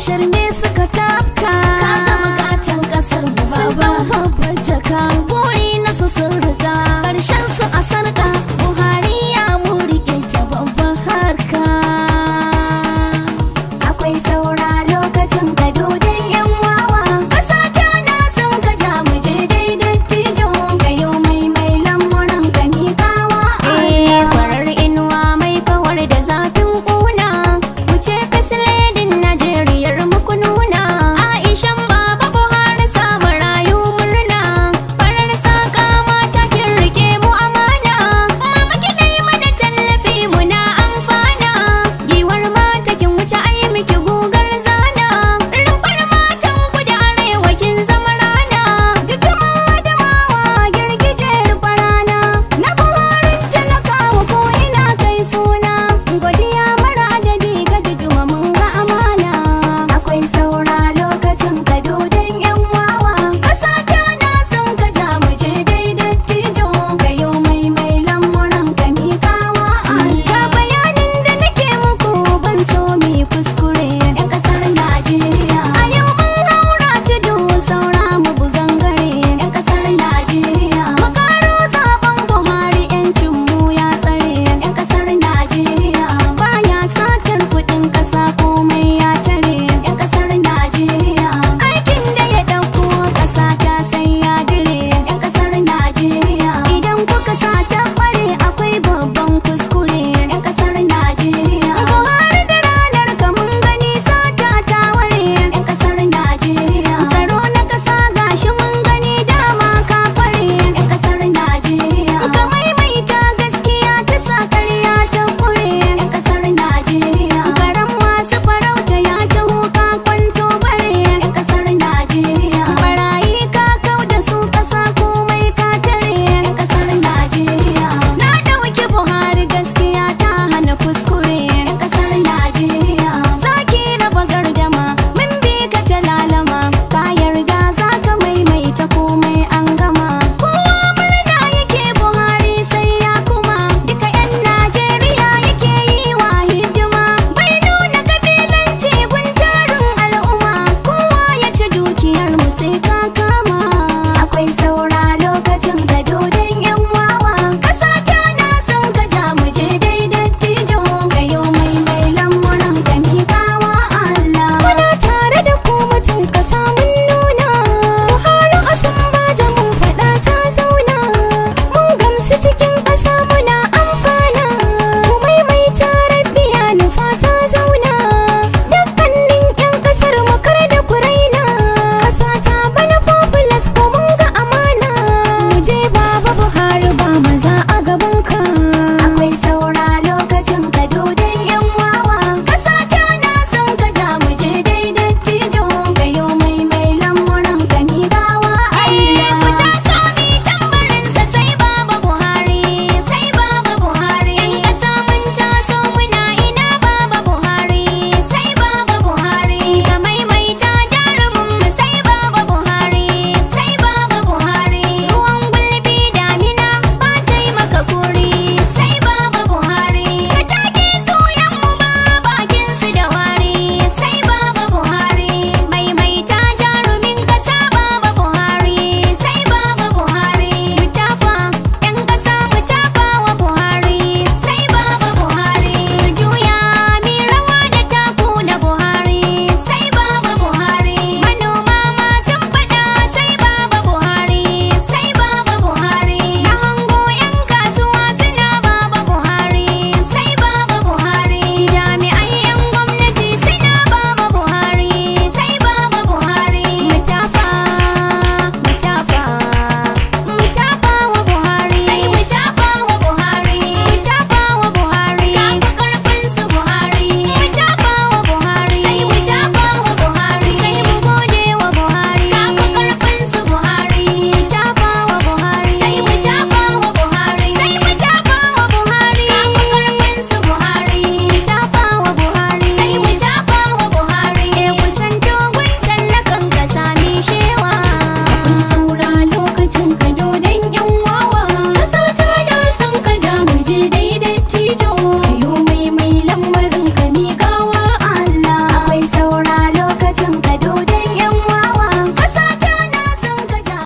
shedding